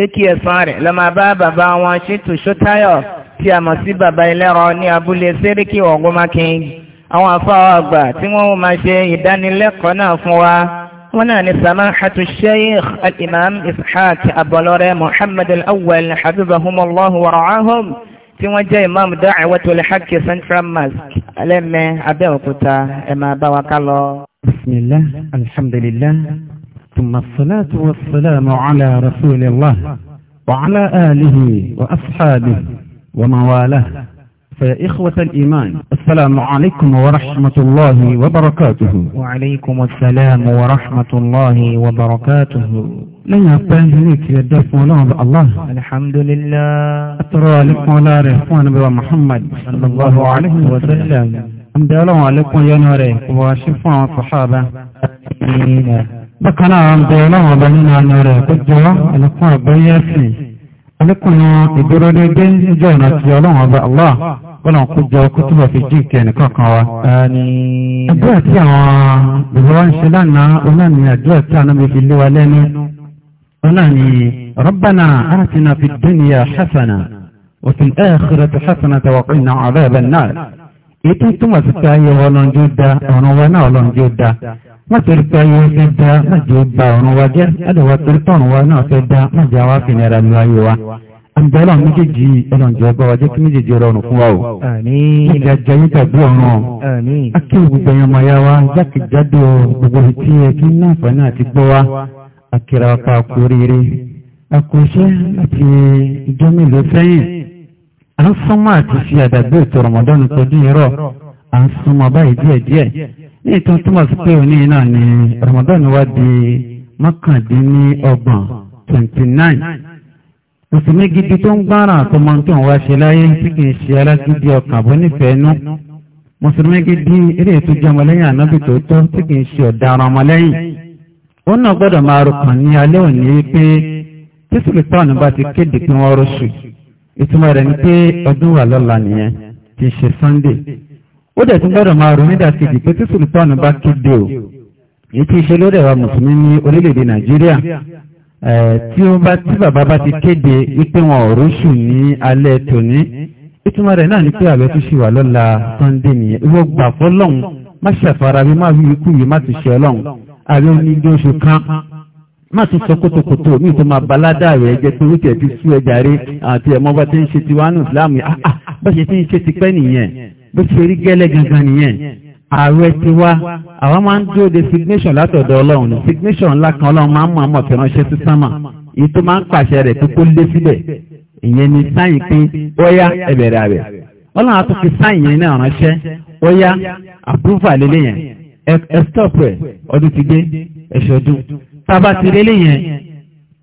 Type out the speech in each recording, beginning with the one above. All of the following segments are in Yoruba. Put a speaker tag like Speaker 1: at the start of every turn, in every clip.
Speaker 1: ṣé kí ẹ̀san rẹ̀ lọ máa bá bàbá wọn Ṣítù Ṣótáyọ̀ tí a mọ̀ sí bàbá ẹlẹ́rọ ní abúlé Séríkì Ògúnmákin àwọn afáwọ̀ àgbà tí wọ́n máa ṣe ìdánilẹ́kọ̀ọ́ náà fún wa wọ́n náà ni samahatu sheikh al-imam ishaq abọlọ́rẹ́ muhammad al ثم الصلاة والسلام على رسول الله وعلى آله وأصحابه وموالاه فيا إخوة الإيمان السلام عليكم ورحمة الله وبركاته وعليكم السلام ورحمة الله وبركاته لا يبقى لك يا دف الله الحمد لله أترى لك مولا رحمن محمد صلى الله عليه وسلم الحمد لله عليكم يا نوري وشفاء الصحابة bákan náà ń bẹ ọlọ́run ọba nínú àna rẹ̀ tó jọ àlékún àgbáyé ẹ̀sìn àlékún ìdúró dédé níjọ ọ̀nà ti ọlọ́run ọba allah bọ́lá kó jọ kó túbọ̀ fi jí ìkẹ́ nìkan kan wa. àdúrà tí àwọn bàbá wa ń ṣe lánàá ọ̀nà ni àdúrà tí àwọn ọmọ ìfi lé wa lẹ́nu ọ̀nà ni rabbana wọ́n torí pé ayé fẹ́ da májè ba ọ̀run wa jẹ́ ẹ̀dọ̀wọ́ torí tọ̀run wa náà fẹ́ da májè àwa fìnnira lu ayé wa àǹdọ́lọ́ méjèèjì ẹlọ́njẹ́ ọba wa jẹ́ kí méjèèjì rọrùn fún wa o
Speaker 2: nígbà
Speaker 1: maya wa jákèjádò gbogbo etí ẹ kí ní àǹfààní àti gbọ́ wa akẹ́rẹ́ wa ká kú oríire àkóṣe àti ìjọ mélòó sẹ́yìn à ń súnmọ́ àti fi àdàgbé ètò rọ̀mọ́dọ́nù tọ́jú ìrọ̀ à ń súnmọ́ báyìí díẹ̀díẹ̀
Speaker 2: ní ìtàn túmọ̀ sí pé
Speaker 1: òní náà ni Ramadan wá di mọ́kàndínlọ́gbọ̀n twenty nine mùsùlùmí gidi tó ń gbára àtọmọ́ntò wa ṣe láyé tí kì í ṣe alágídí ọkàn àbónífẹ̀ẹ́ nú mùsùlùmí gidi eré ètò jọmọlẹ́yìn ànábì tó tọ́ tí kì í ṣe ọ̀daràn ọmọlẹ́yìn ó náà gbọ́dọ̀ máa rọkàn ní alẹ́ òní pé tí sùlùtọ́ọ̀nù bá ti kéde pé wọ́n rọ́ṣù ìtumọ̀ rẹ̀ ni pé ọdún wà lọ́la nìyẹn kì í ṣe Sunday ó dẹ̀ tún gbọ́dọ̀ máa rò nídàkejì pé tí sultan bá kéde o èyí tí ṣe lórí ẹ̀wà mùsùlùmí ní orílẹ̀-èdè nàìjíríà tí ó bá tí bàbá bá ti kéde wípé wọn ò rúṣù ní alẹ́ tòní ìtumọ̀ rẹ̀ náà ni pé àbẹ̀ tó ṣì wà lọ́la sunday nìyẹn ìwọ gbà fọlọ́hún má ṣàfara bí má wí ikú yìí má ti ṣe ọlọ́hún àbẹ̀ oníjì oṣù kan má tún sọ kótókótó mi tó máa balada rẹ̀ jẹ́ pé wíkẹ̀ ti sú ẹja rí àti ẹ̀mọ́ bá ti ń ṣe tiwánú ìsìláàmù yìí bá ṣe ti ń ṣe tipẹ́ nìyẹn bó ṣe rí gẹ́lẹ́ gangan nìyẹn ààrẹ ti wá àwọn máa ń dúró de signation látọ̀dọ̀ ọlọ́run ní signation ńlá kan ọlọ́run máa ń mọ̀ àmọ̀ fìránṣẹ́ sí sánmà èyí tó máa ń pàṣẹ rẹ̀ tó kó lé síbẹ̀ ìyẹn ni sáyìn pé ọ̀yá ẹ̀bẹ̀rẹ̀ rẹ̀ ọlọ́run á tún fi sáyìn yẹn náà ránṣẹ́ ọ̀yá àpúrúfà lélẹ̀ yẹn ẹ stop rẹ̀ ọdún ti dé ẹ̀ṣọ́dún tábà ti lélẹ̀ yẹn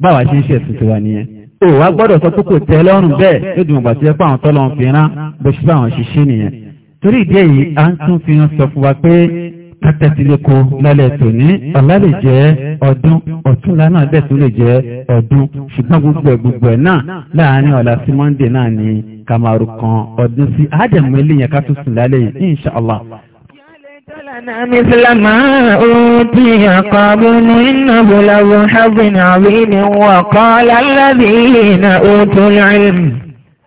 Speaker 1: báwa ṣe ń ṣe ẹ̀sùn tiwa nìyẹn ó wá gbọ́dọ̀ sọ pé kò tẹ́ lọ́rùn bẹ́ẹ̀ lójúmọ̀gbà tí ẹ pé àwọn tọ́lọ́run fi rán bó ṣe bá ṣiṣẹ́ nìyẹn torí ìdí èyí a ń tún fi hàn sọ fún wa pé kátẹ́sílẹ́kọ lálẹ́ tòní ọ̀la lè jẹ́ ọdún ọ̀túnla náà dẹ̀ tún lè jẹ́ ọdún ṣùgbọ́n gbogbo ẹ̀ gbogbo ẹ̀ náà láàárín ọ̀la sí monday náà ni kamaru kan ọdún sí ájẹ̀mú eléyìí ká tún sùn lálẹ́ yìí inṣàlá. لنا مثل ما أوتي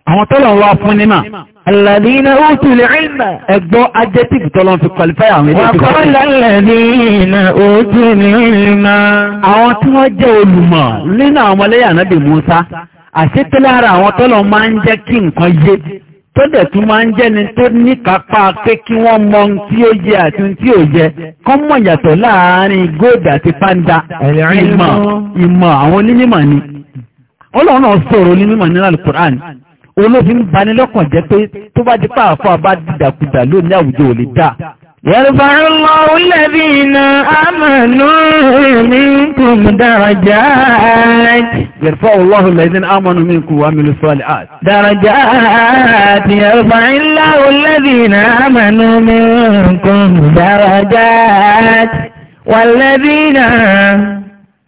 Speaker 1: àwọn tọ́lọ̀ wá fún nímà alàdínà ó tún lè ìlmà ẹgbọ́ ajẹ́tìkì tọ́lọ̀ fi kọlifáyà àwọn ilé ìgbà alàdínà ó tún lè ìlmà àwọn tí wọ́n jẹ́ olùmọ̀ nínú àwọn ọmọlẹ́yà náàbì Musa àṣítẹ́lẹ̀ ara àwọn tọ́lọ̀ máa ń jẹ́ kí nǹkan yé tó dẹ̀ tún máa ń jẹ́ni tó níkàápá pé kí wọ́n mọ tí ó yẹ àti tí ò yẹ kọ́ mọ̀ yàtọ̀ láàárín góòdù àti pàǹdà ìmọ̀ àwọn onímọ̀ ni ọlọ́run sọ̀rọ̀ onímọ̀ nínú Al-Qur'an olófin banilọ́kàn jẹ́ pé tó bá jẹ́ pàápàá bá dìdàkudà lónìí àwùjọ ò lè dáa يرفع الله الذين آمنوا منكم درجات يرفع الله الذين آمنوا منكم وعملوا الصالحات درجات يرفع الله الذين آمنوا منكم درجات والذين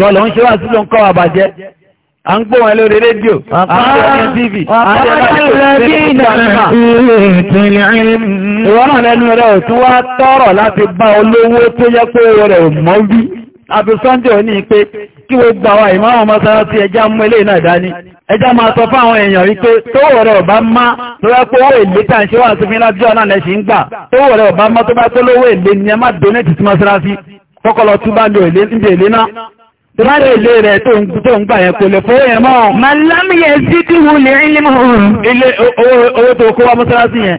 Speaker 1: wọ́n lọ ń ṣe wá sílò ń kọ́ àbàjẹ́ a ń gbọ́ wọn lórí rédíò àpáàdé tv ìwọ́nà lẹ́nu rẹ̀ ò tún wá tọrọ láti bá olówó tó yẹ pé rẹ̀ ò mọ́ bí àbí sunday òní pé kí wo gbà wá ìmọ̀ràn mọ́sánásí ẹjá mú ilé náà dání ẹjá máa sọ fún àwọn èèyàn wípé tówó rẹ̀ ò má tó bá pé owó èlé tàn ṣe wà sí fún lábíọ́ náà lẹ́ṣin gbà tówó rẹ̀ ò má tó bá tó lówó èlé ni ẹ má donate sí mọ́sánásí kọ́kọ́ lọ túbá lò èlé náà Tọ́lára ilé rẹ̀ tó ń tó ń gbà yẹn kò lè fún ẹ̀mọ́. Màlámi yẹn sí tí wù ní ilé mọ̀. Ilé owó tó kó wá mọ́sálásí yẹn.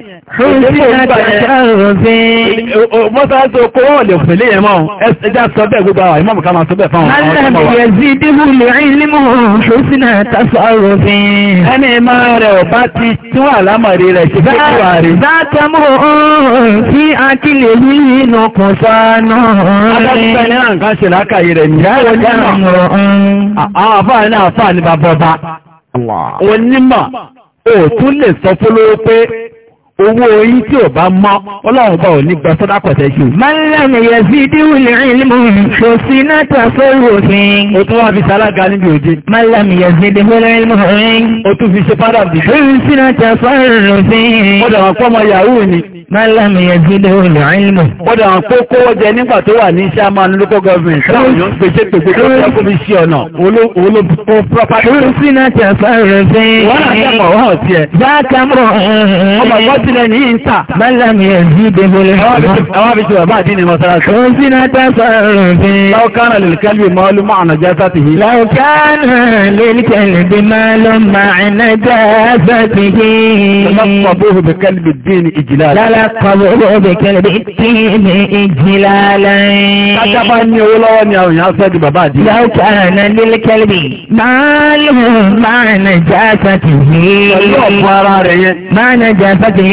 Speaker 1: Mọ́sáàtì okó wọ́n lè fèlé yẹn mọ́, ẹjá sọ bẹ́ẹ̀ gbogbo àwọn ìmọ̀mù ká máa sọ bẹ́ẹ̀ fáwọn ọmọ ọmọ wa. Aláàbí yẹ sí díbù lè rí límù ṣúsínà tásọ àròfin. Ẹni máa rẹ̀ ò bá ti tún àlámọ̀rí rẹ̀ ṣe fẹ́ kí wà rí. Bátẹ́mù oòrùn tí a kí lè rí inú kan sánà rẹ̀. Adájúfẹ́ ní àǹkan ṣe lákàyè rẹ̀ ní àwọn onímọ̀. Onímọ̀ owó orí tí ò bá mọ́ ọlọ́run bá ò ní gba sọ́dá pẹ̀tẹ́ jù. mọ́lẹ́nì yẹ sí díwù lè rìn límù kò sí náà tó sórí òfin. o tún wá fi sálága níbi òde. mọ́lẹ́nì yẹ sí díwù lè rìn límù rìn. o tún fi ṣe fádà bì. kò sí náà tó sórí òfin. ó dàgbà pọ́ ọmọ yahoo ni. mọ́lẹ́nì yẹ sí díwù lè rìn límù. ó dàgbà pé kówó jẹ nígbà tó wà ní iṣẹ́ amánu lókọ́ gọ́ọ̀mẹ̀ntì ننسى من لم يزيد بالحب كنسنا تصرف لو كان للكلب مال مع نجاسته لو كان للكلب مال مع نجاسته لقبوه بكلب الدين اجلالا لقبوه بكلب الدين اجلالا كتب ان يولو ان يولو ان يولو لو كان للكلب مال مع نجاسته مع نجاسته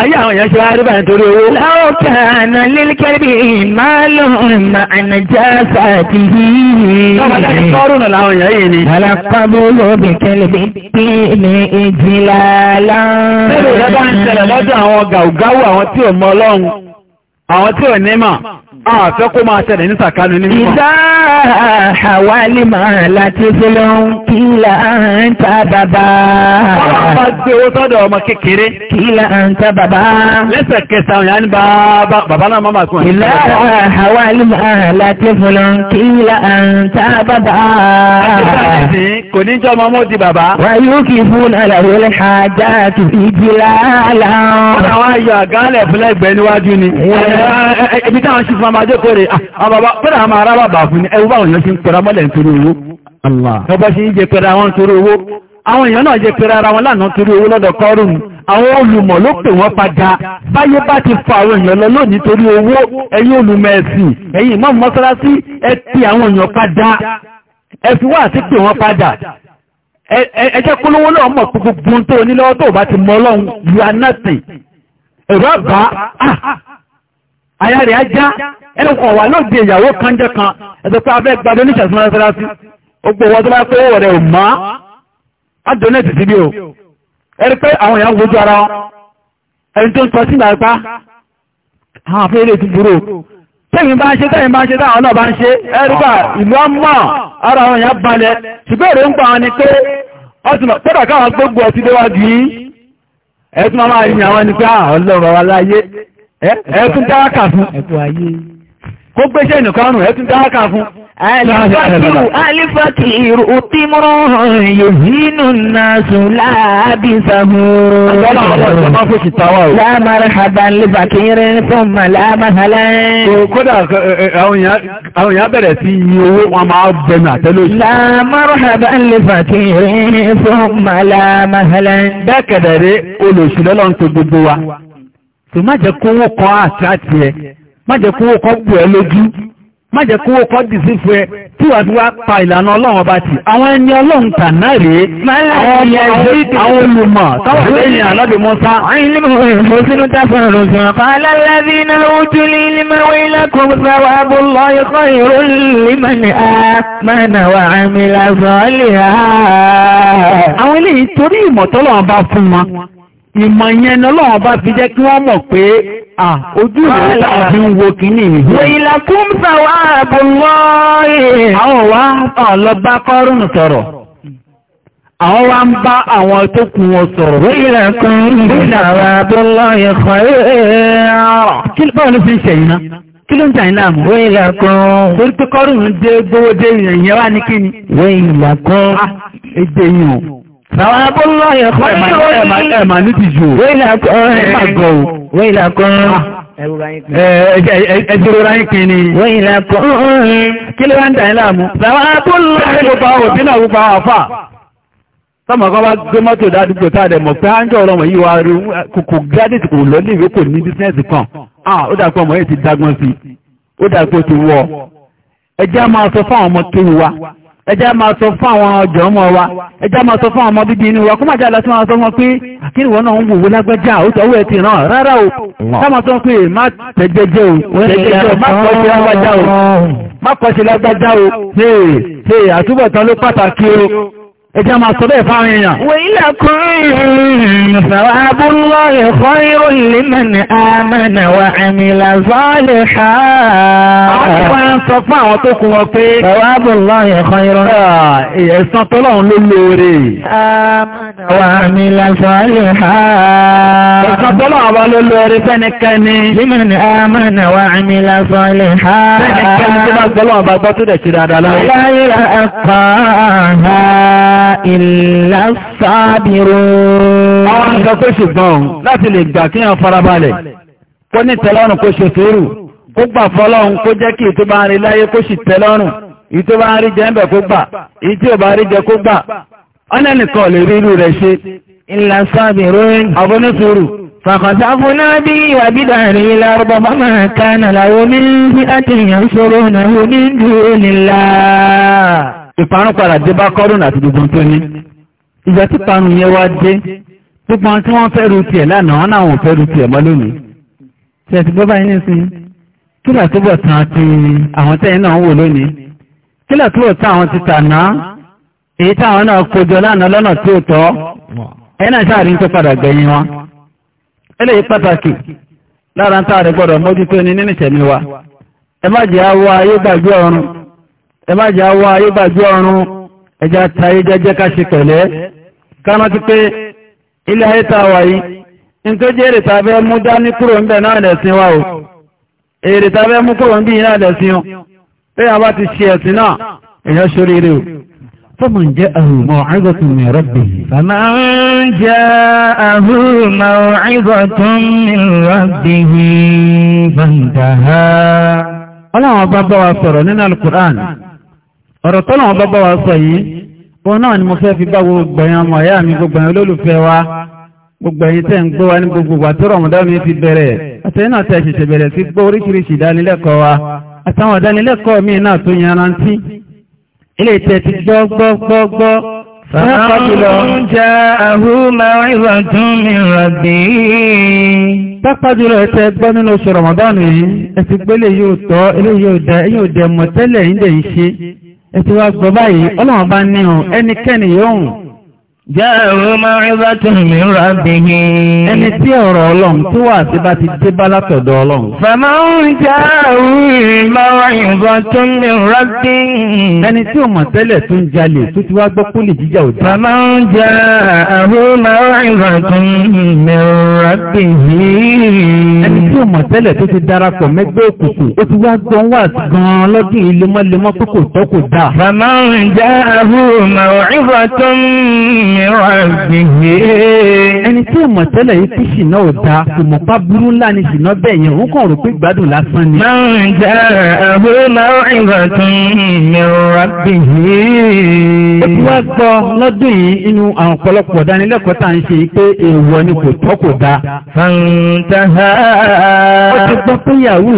Speaker 1: Ayé àwọn èèyàn ṣe wá rí báyìí torí owó. Láwọ́kà àná lílíkẹ́bì ìmáàlùn ànàjá sàtì yìí. Lọ́pàá ní sọ́rùn láwọn èèyàn yìí ni. Alápábó àwọn tí ò ní mà àfẹ́ kó máa ṣẹlẹ̀ ní sàkánú ní mọ̀. ìdá àwálì máa láti fi lọ ń kí là bàbá. wọ́n gbé owó sọ́dọ̀ ọmọ kékeré. kí là ń ta bàbá. òyìn ní bàbá bàbá náà máa kún. ìdá àwálì máa láti fi lọ ń kí là bàbá. kò ní kì í fún àlàyé ibi táwọn sí fún ọmọ ajé kóre pẹ́lá àmà ara bàbà fún ní ẹwú báwọn èèyàn sí ń pẹ̀rọ mọ́lẹ̀ nítorí owó ọba sí ń jẹ pẹ̀rọ àwọn nítorí owó àwọn èèyàn náà jẹ pẹ̀rọ ara wọn lánàá nítorí owó lọ́dọ̀ kọ́rùn àwọn olùmọ̀ ló pè wọ́n padà báyé bá ti fa àwọn èèyàn lọ lónìí torí owó ẹ̀yin olùmọ̀ ẹ̀sìn ẹ̀yin ìmọ̀ mọ́sálásí ẹ ti àwọn èèyàn padà ẹ fi wá àti pè wọ́n padà ẹjẹ́ kólówó náà mọ̀ gbogbo tó onílọ́wọ́ tó bá ti mọ́ ọlọ́run you are nothing ẹ̀rọ bá ah, àyà rẹ̀ ajá ẹnu kan wà lóde ìyàwó kanjẹ́ kan ẹ̀sẹ̀ pé abẹ́ gba donation sí mọ́sálásí gbogbo wọn tó bá pé owó rẹ̀ ò má á donate síbí o ẹni pé àwọn èèyàn wojú ara wọn ẹni tó ń sọ sí ìgbàgbá àwọn àfihàn ètò burú tẹ́yìn bá ń ṣe tẹ́yìn bá ń ṣe táwọn náà bá ń ṣe ẹ̀rùgbà ìlú ọmọ ara àwọn èèyàn balẹ̀ ṣùgbọ́n èrè ń gbà wọn ni pé ọtùnà pẹ́dà
Speaker 2: káwọn
Speaker 1: ẹ̀ẹ́dún dáwàkà fún kó gbéṣẹ́ ìnìkan rùn ẹ̀ẹ́dún dáwàkà fún alifakiru utimurun yehinu nasu laabisahu la marhaban lifakirin thumma la mahalan kódà àwọn èèyàn bẹ̀rẹ̀ sí yí owó wọn máa bẹnu àtẹ́lò ìṣẹ́ la marhaban lifakirin thumma la mahalan bẹ́ẹ̀kẹ̀dẹ̀ rí olùsùlọ́lọ́ ń tó gbogbo wa tó má jẹ́ kówó kọ́ àtàtì ẹ má jẹ́ kówó kọ́ bù ẹ lójú má jẹ́ kówó kọ́ dìsífù ẹ tí wà tí wá pa ìlànà ọlọ́run ọba tì àwọn ẹni ọlọ́run tàná rèé àwọn olùmọ̀ táwọn lẹ́yìn àlọ́dẹ mọ́sá. mo sínú tásán lóṣùn àpáálá lábí iná ojú ní limawe lakum sawabu Allahi khairun liman amana wa amila salihan. àwọn eléyìí torí ìmọ̀ tọ́lọ́run bá fún wọn Ìmọ̀ yẹn ni Ọlọ́run bá fi jẹ́ kí wọ́n mọ̀ pé à ojú ìwé láti ń wo kìíní ìhìn. Wèyìlà kún sàwọ́ ààbò lọ́ọ̀rẹ̀. Àwọn wá lọ bá kọ́rùn sọ̀rọ̀. Àwọn wá ń bá àwọn tó kù wọn sọ̀rọ̀. Wèyìlà kún sàwọ́ ààbò lọ́ọ̀rẹ̀ kọ́ Kí ló ń fi ṣẹ̀yìn náà? Kí ló ń tàn náà mú? Wèyìlà kún. Torí pé kọ́rùn-ún dé gbówó dé ìyẹn wá ní kíni? Wèyìlà kún. Ah, èdè yìí Sàwábọ́láyẹ̀ kọ́ ẹ̀mà ní ti jù. Wéìlà kan. Wéìlà kan. Ẹjọ́rọ̀ ráyìn kí ni. Wéìlà kan. Kí ló wá ń dàí láàmú? Sàwábọ́láyẹ̀ gbogbo àwọn òbí náà gbogbo àwọn àfà. Sọ́mọ̀ kan wá gbé mọ́tò dádúgbò táàdẹ̀ mọ̀ pé áńjọ́ ọ̀rọ̀ wọ̀nyí wá rí kòkò gírádìtì kò lọ ní ìwé kò ní bísínẹ́sì kan. Ah, ó dàpọ̀ ọmọ yìí ti dágbọ́n sí. Ó dàpọ̀ ti wọ. Ẹ jẹ́ máa sọ fáwọn ọmọ kéwu wa ẹjá máa sọ fún àwọn ọjọ́ ọmọ wa ẹjá máa sọ fún àwọn ọmọ bíbí inú wa kó máa jáde láti máa sọ fún pé àkíníwọ̀ náà ń wòwó lágbẹ́já ó tọ́wọ́ ẹ̀ ti ràn rárá o sáma sọ pé má tẹ̀jẹjẹ o tẹ̀jẹjẹ o má kọ́ṣe lágbájá o má kọ́ṣe lágbájá o àtúbọ̀tán ló pàtàkì o Ẹjá máa sọ bẹ́ẹ̀ fáwọn èèyàn. Wèílà kúrìnrìn ṣàwábú lọ́rẹ̀ fọ́ ìrò ìlímẹ̀ni àmẹ́nà wa àmìlà sọ́ọ̀lẹ̀ ṣá. Àwọn tí wọ́n ń sọ fún àwọn tó kún wọn pé. Ṣàwábú lọ́rẹ̀ fọ́ ah, ìrò. Ẹ̀sán tọ́lọ́run ló lóore. Àmẹ́nà wa àmìlà sọ́ọ̀lẹ̀ ṣá. Ẹ̀sán tọ́lọ́run wa ló lóore fẹ́nikẹ́ni. Límẹ̀ni ìlà sábìrò. Àwọn nǹkan kó ṣùgbọ́n láti lè gbà kí wọ́n farabalẹ̀, kó ní tẹ́lọ́rùn kó ṣe fèrú, kó gbà fọ́lọ́run kó jẹ́ kí ìtó bá ń rí láyé kó sì tẹ́lọ́rùn, ìtó bá ń rí jẹ́ ń bẹ̀ kó gbà, ìtí ò bá rí jẹ kó gbà. Ọ́nẹ́nìkan lè rí irú rẹ̀ ṣe. Ìlà sábìrò. Àbónísùúrù. فخسفنا به وبداره الأرض فما كان له من فئة ينصرونه من دون الله ìparun padà dé bá kọ́rùn àti gbogbo tó ní ìjọ tí parun yẹn wá dé gbogbo tí wọ́n fẹ́ ru tiẹ̀ lánàá wọn náà wọ́n fẹ́ ru tiẹ̀ mọ́ lónìí tí ẹ̀ ti gbọ́ báyìí nísìnyí kí làtúbọ̀ tán ti àwọn tẹ́yìn náà ń wò lónìí kí làtúbọ̀ tán àwọn ti wa ẹ má jẹ́ àwọ ayé gbàgbé ọrùn ẹ má jà wá ayé ẹjá ta ayé ká ṣe pẹ̀lẹ́ káná ti pé ilé ayé ta wà yìí ní tó jẹ́ èrè tàbẹ́ mú dání kúrò ń bẹ̀ náà lẹ̀sìn wa o èrè tàbẹ́ mú kúrò ń bí náà lẹ̀sìn o ti ṣe ẹ̀sìn náà ṣorí rẹ̀ فمن جاءه موعظة من ربه فمن جاءه موعظة من ربه فانتهى ọ̀rọ̀ tọ́lọ̀wọ́n bá bá wa sọ yìí wọn náà ni mo fẹ́ fi bá gbogbo ọmọ ìyá mi gbogbo ẹ̀yin olólùfẹ́ wa gbogbo ẹ̀yin tẹ́ ń wa ní gbogbo wa mi fi bẹ̀rẹ̀ Pápájúlọ ẹ̀tẹ́ gbọ́ nínú oṣù Ramadan yìí, yóò tọ́, ilé yóò ẹ̀tí wá gbọ́ báyìí ọlọ́wọ́n bá ní ọ ẹnikẹ́ni yóò hùn Jẹ́rù ma'izatu min rabbih. Ẹni tí ọ̀rọ̀ ọlọ́run tí wà sí bá ti dé bá látọ̀dọ̀ ọlọ́run. Fẹ̀mọ́ ń jẹ́rù ma'izatu min rabbih. Ẹni tí ó mọ̀ tẹ́lẹ̀ tó ń jalè tó ti wá gbọ́ kúlì jíjà òjò. Fẹ̀mọ́ ń jẹ́rù ma'izatu min rabbih. Ẹni tí ó mọ̀ tẹ́lẹ̀ tó ti darapọ̀ mẹ́gbẹ́ òkùnkùn ó ti wá gbọ́n wà gan-an lọ́dún ilémọ́lémọ́ tó mi rọ̀gbìngbé. ẹni tí ìmọ̀ tẹ́lẹ̀ yìí tí ṣìnà ò kò mọ̀ pa burú ńlá ni ṣìnà bẹ́ẹ̀ yẹn òun kàn rò pé gbádùn lásán ni. máa ń jẹ́ ẹ̀bùn máa ń rìn tún mi rọ̀gbìngbé. ó ti wá gbọ́ lọ́dún yìí inú àwọn ọ̀pọ̀lọpọ̀ ìdánilẹ́kọ̀ọ́ tá à ń ṣe pé èèwọ̀ ni kò tọ́ kò da. fàǹtàhà. ó ti gbọ́ pé yahoo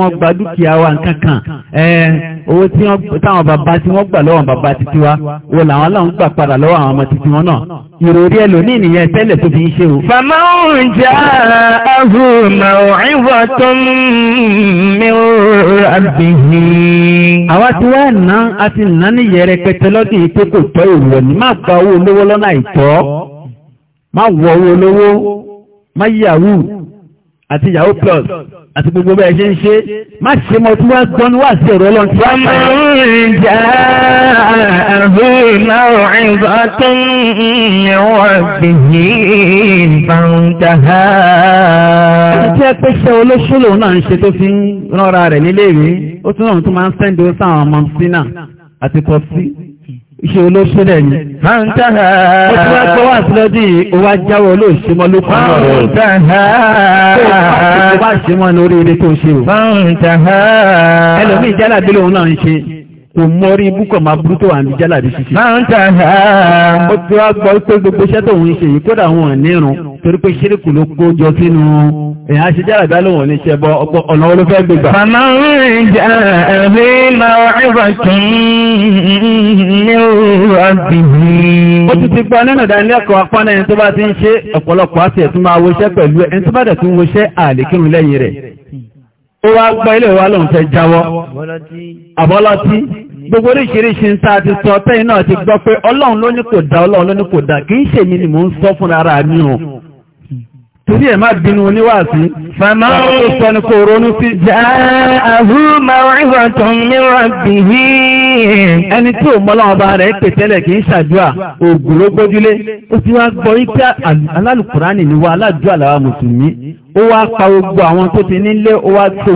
Speaker 1: náà ò gba dúkìá wa nǹkankan owó tí táwọn bàbá tí wọ́n gbà lọ́wọ́ bàbá títí wa wo làwọn láwọn gbà padà lọ́wọ́ àwọn ọmọ títí wọn náà ìròrí ẹlòmíì nìyẹn tẹ́lẹ̀ tó fi ń ṣe o. fàmà ń jà áhù màwùrìnwá tó ń mi ò rábìhì. àwa tí wọ́n ná a ti ná ní yẹrẹ pẹtẹ lọ́dún yìí pé kò tọ́ ìwọ̀ ní má gba owó olówó lọ́nà àìtọ́ má wọ owó olówó má yahoo àti yahoo plus àti gbogbo bẹ́ẹ̀ ṣe ń ṣe má ṣe mọ́ tí wọ́n gbọ́n wà sí ọ̀rọ̀ ọlọ́run tí wọ́n pàá. ìjà àhúnà ìbá tó ń wọ́n fi ha. ń ṣe iṣẹ́ olóṣèlẹ̀ ni. máa ń tàhà. ó ti wá gbọ́ wá sílọ́dí ìwà jáwọ́ olóòṣèmọ́ ló kọ́ ọ̀rọ̀ rẹ̀. máa ń tàhà. ó bá ṣe mọ́ ní oríire tó ṣe o. máa ń tàhà. ẹlòmíì jálàbí lòun náà ń ṣe kò mọ́rí búkọ̀ máa burú tó wà ní jálàbí títí. máa ń ta ha. ó ti wá gbọ́ pé gbogbo iṣẹ́ tó ń ṣe yìí kódà wọn nírun torí pé ṣírìkù ló kó jọ sínú èèyàn ṣe jálàbí alóhùn ní ṣe bọ ọ̀nà owó ló fẹ́ gbé gbà. màmá rìn jà ẹ̀rí máa ẹ̀rọ tún ní ọ̀gbìnì. ó ti ti gbọ́ nínú ìdánilẹ́kọ̀ọ́ apáná ẹni tó bá ti ń gbogbo oríṣiríṣi ń ta ti sọ tẹ́yìn náà ti gbọ́ pé ọlọ́run ló ní kò dá ọlọ́run ló ní kò dá kì í ṣèmi ni mò ń sọ fún ara mi o torí ẹ̀ má bínú oníwàásí fàmà ó sọ ni kò ronú sí. ja'ahu maw'izatun min rabbih. ẹni tí ò mọ́lá ọba rẹ̀ pè tẹ́lẹ̀ kì í ṣàdúrà ògùn ló gbójúlé ó ti wá gbọ́ ipé alálùkùránì ni wa aládùúgbò àlàwà mùsùlùmí ó wá pa gbogbo àwọn tó ti nílé ó wá tó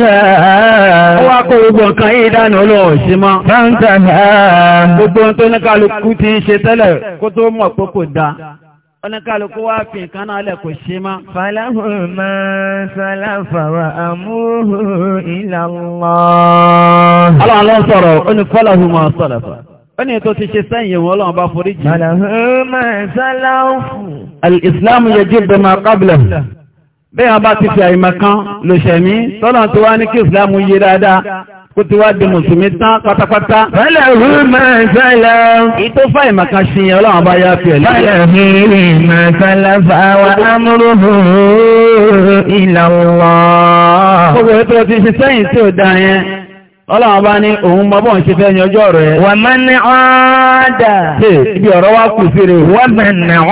Speaker 1: jẹ́ ó wá kó gbogbo nǹkan yìí dánà ọlọ́run sí mọ́ gbogbo tó ní kálukú ti ń ṣe tẹ́lẹ̀ kó tó mọ̀ pé kò dá oníkàlùkú wá fi nǹkan náà lẹ̀ kò ṣe mọ́. fàlàhùn máa sálàfàwà àmúhù ìlànà. ọlọ́run ló sọ̀rọ̀ ó ní fàlàhùn máa sọ̀rọ̀ ẹni tó ti ṣe sẹ́yìn wọn lọ́wọ́ bá forí jì. Al-Islam yajib bima qablahu. Bẹ́ẹ̀ wọn bá ti fi àìmọ̀ kan lò ṣẹ̀mí, tọ́lọ̀ tó wá ní kí Islam yé dáadáa, kó ti wá di Mùsùlùmí tán pátápátá. wọ́n tó ti ṣe ọlọ́wọ́ bá ní òun mọ́ bọ́n ṣe fẹ́ ní ọjọ́ rẹ̀ wà mọ́ ní ọ́dà ibi ọ̀rọ̀ wá kù sí rẹ̀ wà mọ́ ọ́dà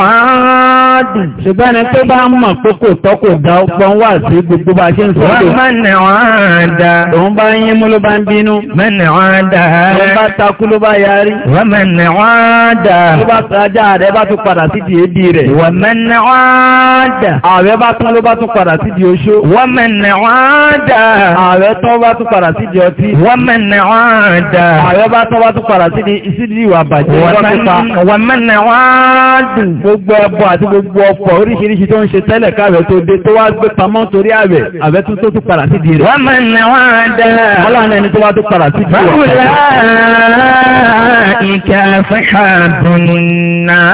Speaker 1: dùn. ṣùgbọ́n ẹni tó bá mọ̀ pé kò tọ́ kò dá ọgbọ́n wà sí gbogbo bá ṣe ń sọ lò. mẹ́nì ọ̀hán da. òun bá yín mú ló bá ń bínú. mẹ́nì ọ̀hán da. òun bá takú ló bá yarí. wọ́n mẹ́nì ọ̀hán da. ló bá tajà rẹ̀ bá tún padà sí di ebi rẹ̀. wọ́n mẹ́nì ọ̀hán da. ààrẹ di oṣó. wọ́n mẹ́nì ọ̀hán bá tún padà di ọtí. wọ́n mẹ́nì ọ̀hán da. ààrẹ bá tún padà sí di ìwà gbogbo ọ̀pọ̀ oríṣiríṣi tó ń ṣe tẹ́lẹ̀ káàrẹ̀ tó dé tó wá gbé pamọ́ torí ààrẹ̀ ààrẹ̀ tún tó tún padà sí rẹ̀. wọ́n mọ̀ ní wọ́n dá. wọ́n láwọn ẹni tó wá tó padà sí rẹ̀. wọ́n lá ìkà fẹ́hàbùn náà.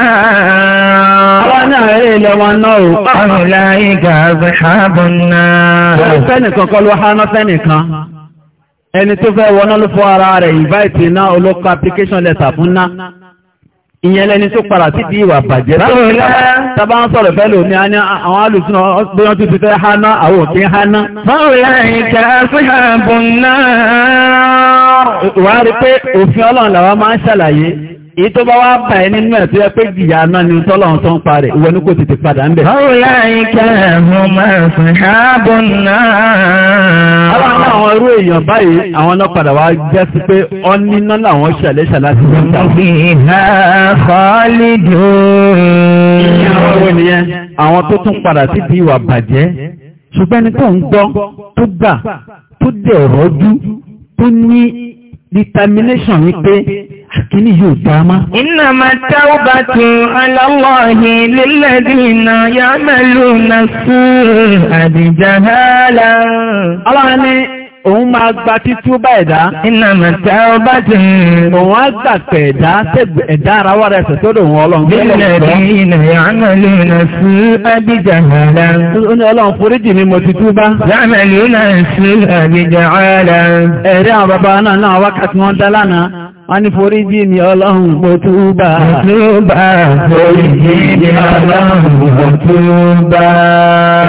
Speaker 1: wọ́n ní àárẹ̀ ilẹ̀ wọ́n lá ìkà fẹ́hàbùn náà. wọ́n fẹ́nìkan kọ́ ló háná fẹ́nìkan ẹni tó fẹ́ wọná ló fọ́ rẹ̀ ìyẹn lẹni tó padà sí ti ìwà bàjẹ́ tàbá ń sọ̀rọ̀ fẹ́ lò ní àwọn alùsùnà ọgbẹ́yàn tó ti fẹ́ ṣàlàyé èyí tó bá wá bà ẹ́ nínú ẹ̀ tó yẹ pé jìyà náà ni tọ́lọ́run tó ń parẹ̀ ìwọ ní kò tètè padà ń bẹ̀ fọ́wọ́lá ìkà síhàbùn náà àwọn irú èèyàn báyìí àwọn náà padà wá jẹ́ sí pé ọ níná làwọn ṣẹ̀lẹ́ṣẹ̀ láti ṣe ń dàbí. ìhà fọ́lìdò. ìyàwó nìyẹn àwọn tó tún padà síbi ìwà bàjẹ́ ṣùgbọ́n ẹni tó ń gbọ́ tó gbà tó dẹ̀ rọ́jú tó ní determination ah, ni pé kíní yóò dáama. iná máa táwọ́ bá tún aláwọ̀hì lílẹ̀dínà yá mẹ́lú náà sí àdìjà hálà.
Speaker 2: ọlọ́run ní
Speaker 1: òun máa gba títí ó bá ẹ̀dá. iná mẹ́ta ọba ti ń. òun á gbà pẹ̀ ẹ̀dá tẹ̀gbẹ̀ ẹ̀dá ara wà rẹ̀ sọ̀tọ́dọ̀ òun ọlọ́run. bí ilẹ̀ yàrá ló ní mo ti tú bá. yàrá sí abidjà hàlà. ẹ̀rí náà náà wákàtí wọn dá lánàá. Ani forí jí ni ọlọ́run mo túbà. Túbà forí jí ni ọlọ́run mo túbà.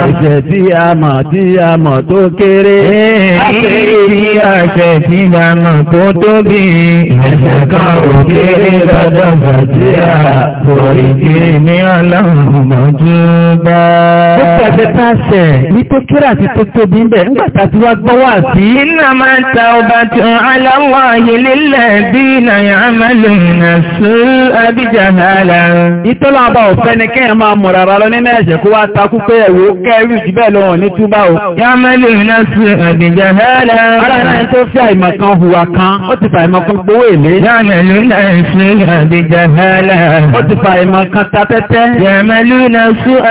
Speaker 1: Ẹ̀ṣẹ̀ tí a mọ̀ tí a mọ̀ tó kéré. Ẹ̀ṣẹ̀ tí ẹ̀ṣẹ̀ tí a mọ̀ tó tóbi. Ẹ̀ṣẹ̀ kan ò kéré lọ́dọ̀ bàjẹ́ à. Forí jí ni ọlọ́run mo túbà. Ó pẹ̀sẹ̀ tá a ṣẹ̀ ní tó kéré àti tó tóbi ń bẹ̀. Nígbà tá gbọ́ wà sí. Iná máa ń ọba tó aláwọ̀ ayé lílẹ̀ bí. الذين يعملون السوء بجهالة ìtọ́lá ọba ọ̀fẹ́ ni kẹ́yàn máa mọ̀ rárá lọ nínú ẹ̀ṣẹ̀ kó wá takú pé ẹ̀wò kẹ́rù jù bẹ́ẹ̀ lọ́wọ́ ní túbá o. يعملون السوء بجهالة ara náà tó fi àìmọ̀kan hùwà kan ó ti fa àìmọ̀kan gbowó èlé. يعملون السوء بجهالة ó ti fa àìmọ̀kan ta tẹ́tẹ́. يعملون السوء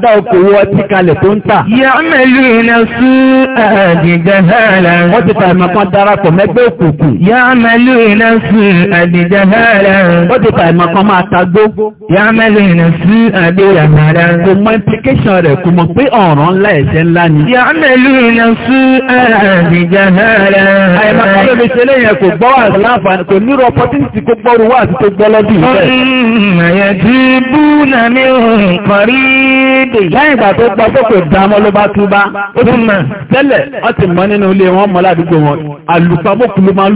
Speaker 1: dá okòwò ọtí kalẹ̀ tó ń tà. يعملون السوء بجهالة ó ti fa àìmọ̀kan darapọ̀ mẹ́gbẹ́ òkùnkùn Yàmẹ́lú iná sí àdìjàhálà. Ó ti fà ìmọ̀ kan máa tagbó. Yàmẹ́lú iná sí àdìjàhálà. Kò mọ implication rẹ̀ kò mọ̀ pé ọ̀ràn ńlá ẹ̀ṣẹ̀ ńlá ni. Yàmẹ́lú iná sí àdìjàhálà. Àyẹ̀mọ̀ kan ló fi ṣe lẹ́yìn kò gbọ́ àláǹfààní kò nírò opportunity kó gbọ́rù wá àti tó gbọ́ lọ́dún ìfẹ́. Àyà ti bú nà mí kọ̀rí dè. Lẹ́yìn ìgbà tó gbọ́ pé kò dámọ́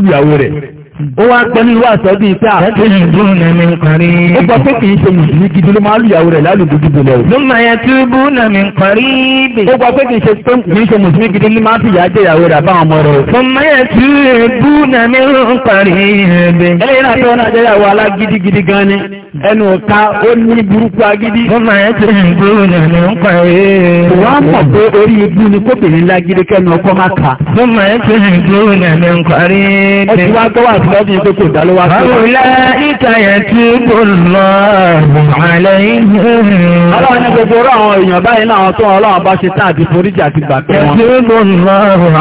Speaker 1: ìyàwó rẹ̀ ó wá gbọ́ ní ìwà àtọ́bí pé ah, àkọ́kọ́ ó gbọ́ pé kìí ṣe mùsùlùmí gidi ló máa lùyàwó rẹ̀ lálùdúgbò lẹ̀ o. ló máa yẹ tí bú náà mi kọrí bè. ó gbọ́ pé kìí ṣe kìí ṣe mùsùlùmí gidi ló máa fìyà jẹ ìyàwó rẹ̀ àbáwọn ọmọ rẹ̀ o. mo máa yẹ tí bú náà mi kọrí bè. ẹlẹ́yìn náà tó wọn àjẹyà ti lọ́dún pé kò dálé wá sí. Àwòlá ìtayẹ̀ tí kò lọ àlẹ́ ìhìn. Ọlọ́run ní gbogbo ọ̀rọ̀ àwọn èèyàn báyìí náà tó ọlọ́run bá ṣe tán àti foríjì àti gbà tẹ́ wọn. Ẹ̀sìn kò lọ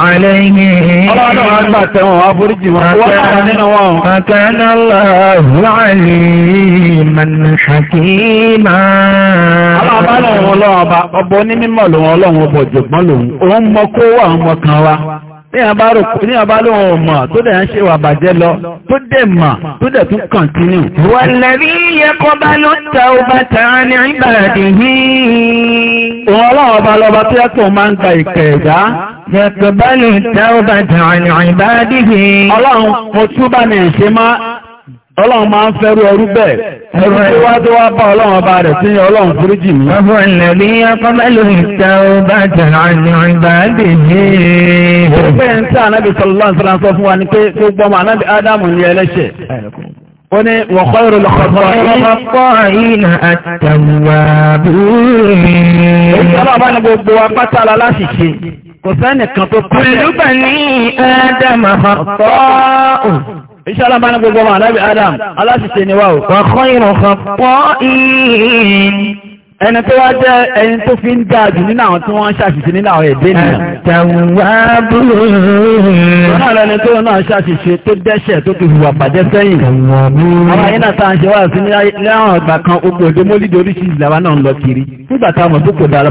Speaker 1: àlẹ́ ìhìn. Ọlọ́run náà gbà tẹ́ wọn wá foríjì wọn. Wọ́n náà nínú wọn. Àkànná lọ àlẹ́ ìmọ̀nà ṣàkíyìmá. Ọlọ́run bá lọ́wọ́ ọlọ́run ọba, ọbọ̀ onímọ̀ lòun ọlọ́run ọbọ̀ téèyàn bá rò téèyàn bá lóun ò mọ̀ tó dẹ̀ ń ṣe wà bàjẹ́ lọ tó dẹ̀ mọ̀ tó dẹ̀ tún kọ̀ntínú. wàlẹ́bí yẹ kó bá ló ta ọba tán ní ìbàdí yìí. òun ọlọ́run ọba lọ́ba tó yẹ kó máa ń gba ìkẹ̀ ẹ̀dá. yẹ̀kọ̀ bá ló ta ọba tán ní ìbàdí yìí. ọlọ́run mo Ẹgbẹ́ iwájú wá bá ọlọ́run ọba rẹ̀ sí ọlọ́run fúríjì mi. Ọgbọ̀n ìlẹ̀bí akọ́bẹ́lú ìta ọba jẹ̀rọ ìbáàdì ní ẹ̀rọ. Ẹgbẹ́ ń tí ànábì sọlọ́lá ń sọlá sọ fún wa ni pé tó gbọ́mọ ànábì Ádámù ní ẹlẹ́ṣẹ̀. Ó ní wọ̀n kọ́ ìrò lọ́kọ̀ọ́kọ́. Ọ̀pọ̀ ìnà àtàwà búrúrí. Ìjọba ni gbogbo apáta aláṣìṣe. Kò sẹ́nìkan tó kọ́ Iṣẹ́ alábáná gbogbo ọmọ alábi Adam, aláṣìṣẹ́ ni wà ó. Wà kọ́ ìrọ̀kan pọ́ ìrìn ẹni tó wá jẹ́ ẹni tó fi ń dáa jù nínú àwọn tí wọ́n ń ṣàṣìṣe nínú àwọn ẹ̀dẹ́ nìyàn. àtàwà búrò. lọ́nà lẹni tó náà ṣàṣìṣe tó dẹ́ṣẹ̀ tó fi hùwà bàjẹ́ sẹ́yìn. àwọn yìí náà tàn ṣe wá sí láwọn ọgbà kan ogun òde mólídìí oríṣi ìlàwà náà lọ kiri. nígbà táwọn tó kò dára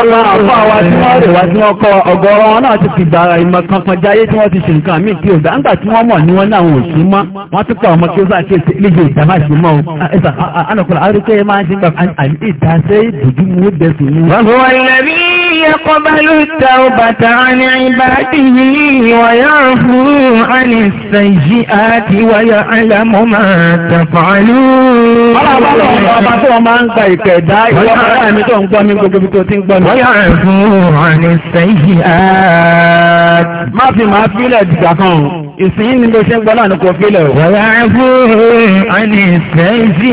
Speaker 1: ọ̀pọ̀lọpọ̀ àpá wa tí wọ́n rè wá tí wọ́n kọ́ ọ̀gọ̀rọ̀ wọn náà ti fi gba ìmọ̀ kankan jáyé tí wọ́n ti ṣe nǹkan míì tí ò dáńgbà tí wọ́n mọ̀ ní wọ́n náà wò sí mọ́ wọ́n ti pa ọmọ kí ó bá ṣe léje ìjà máa ṣe mọ́ o. ànàkùnrin àríkẹ́ máa ń ṣe ìdásẹ́ ìdùdú mú يقبل التوبة عن عباده ويعفو عن السيئات ويعلم ما تفعلون ويعفو عن السيئات ما في ما في لا ìsìn ní bó ṣe ń gbọ́lá ní kò fílẹ̀ wọ́n yá fún àní ìfẹ́ sí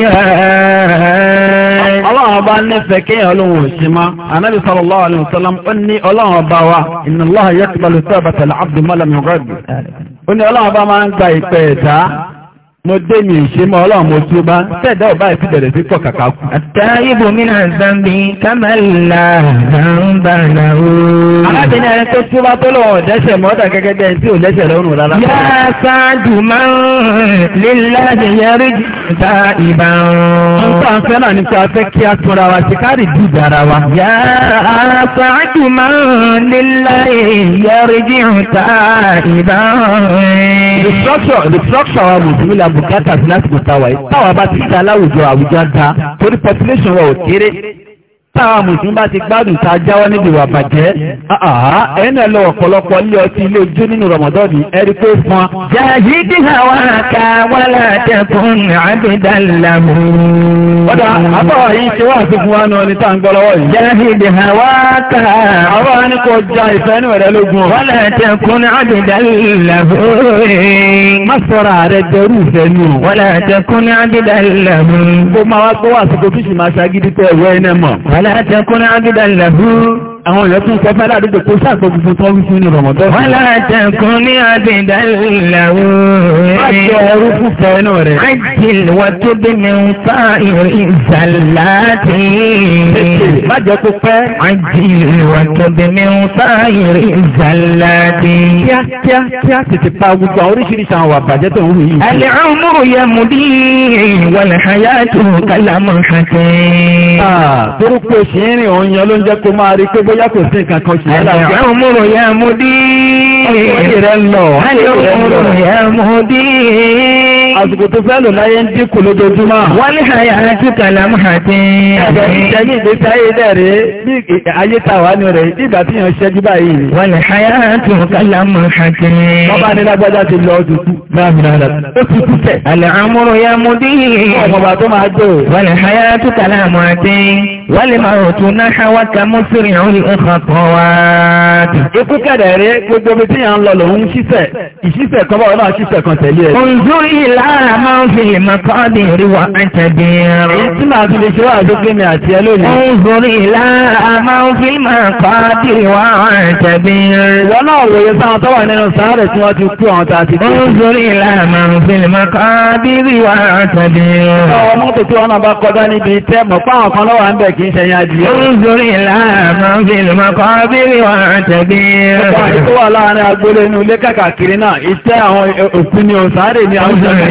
Speaker 1: ọlọ́run bá nífẹ̀ẹ́ kéèyàn olóhun òsì má anábì sallallahu alaihi wasallam ó ní ọlọ́run bá wa inna Allaha yaqbalu tawbatal abdi ma lam yughrib ó ní ọlọ́run bá máa ń gba ìpẹ̀ mo dé mi ìṣe mọ́ ọlọ́run mo tí ó bá tẹ́ẹ̀dá ọ̀bá ìfi bẹ̀rẹ̀ sí pọ̀ kàkà kù. àtàríbò mínà zambi kámẹ́lá zamba náwó. alábìnrin ẹni tó tí ó bá tó lọ́wọ́ dẹ́sẹ̀ mọ́ ọ̀dà gẹ́gẹ́ bẹ́ẹ̀ tí ò lẹ́sẹ̀ lọ́rùn rárá. yá sáájú máa ń líláṣẹ yẹrí ta ìbọn. ń tọ́ àfẹ́ náà ni wa ti bùkátà sí lásìkò táwa yìí táwa bá ti ṣe aláwùjọ àwùjọ da torí population wa ò kéré táwọn mùsùlùmí bá ti gbádùn ta jáwọ́ níbi ìwà bàjẹ́ ẹ̀yìn ẹ̀lọ ọ̀pọ̀lọpọ̀ ilé ọtí ilé ojú nínú rọmọdọ́dì ẹ̀rí pé fún wa. jàhídì àwọn àká wà látẹ̀kùn àbídàlámù. ọ̀dà àbọ̀ yìí ṣe wà sí fún wa ní ọni tá à ń ní ọ̀rẹ́ lógún. wà látẹ̀kùn àbídàlámù. má sọ̀rọ̀ wà látẹ̀kùn àbídàlámù. kó máa wá gbọ́ wà sí kò تكن عبدا له àwọn èèyàn tún sọ fẹ́lá àdúgbò kó sáàpọ̀ gbogbo tó wí fún ní rọ̀mọ̀dọ́. wọ́n látẹ̀kùn ní àbìdá ìlàwó rẹ̀. àjọ ọrú fúnfẹ́ inú rẹ̀. àjìl wà tó bí mi ń fa ìrìnsàláàtì. má jẹ́ kó pẹ́. àjìl wà tó bí mi bóyá kò sí nǹkan kan ṣe yálà rẹ̀. àwọn mòrò yà mú ọkùnrin rẹ̀ lọ. àwọn mòrò yà mú dí àsìkò tó fẹ́ lò láyé ń dínkù lójoojúmọ́. wọ́n ní àyà àti kàlámù àti ẹ̀rọ ìṣẹ́jú ìgbésí ayé náà rèé ní ayé tàwa ni rẹ̀ nígbà tí yàn ṣẹ́jú báyìí. wọ́n ní àyà àti kàlámù àti. wọ́n bá ní lágbájá ti lọ ọdún kú. ó ti kú tẹ̀. àlẹ́ àmúrò ya mú dí. ọmọba tó máa jò. wọ́n ní ikú kẹ̀dẹ̀ rẹ̀ gbogbo ibi tí yàn ń lọ lòun ṣiṣẹ́ ìṣiṣẹ́ kan báwọn náà kan tẹ̀lé ẹ̀. òǹzúrí ìl lára máa ń fi lè máa kọ́ bí ìrìwà àtẹ̀bí rẹ̀. Èyí tí màá fi lè ṣe wà lókè mi àti ẹ lónìí. Ìgbòrí lára máa ń fi máa kọ́ bí ìrìwà àtẹ̀bí rẹ̀. Ìwọ náà wòye sáwọn tó wà nínú sàárẹ̀ tí wọ́n ti kú àwọn tá a ti kú. Ìgbòrí lára máa ń fi lè máa ń bẹ̀ kì í ṣe yájú. bí ìrìwà àtẹ̀bí rẹ̀. ni ò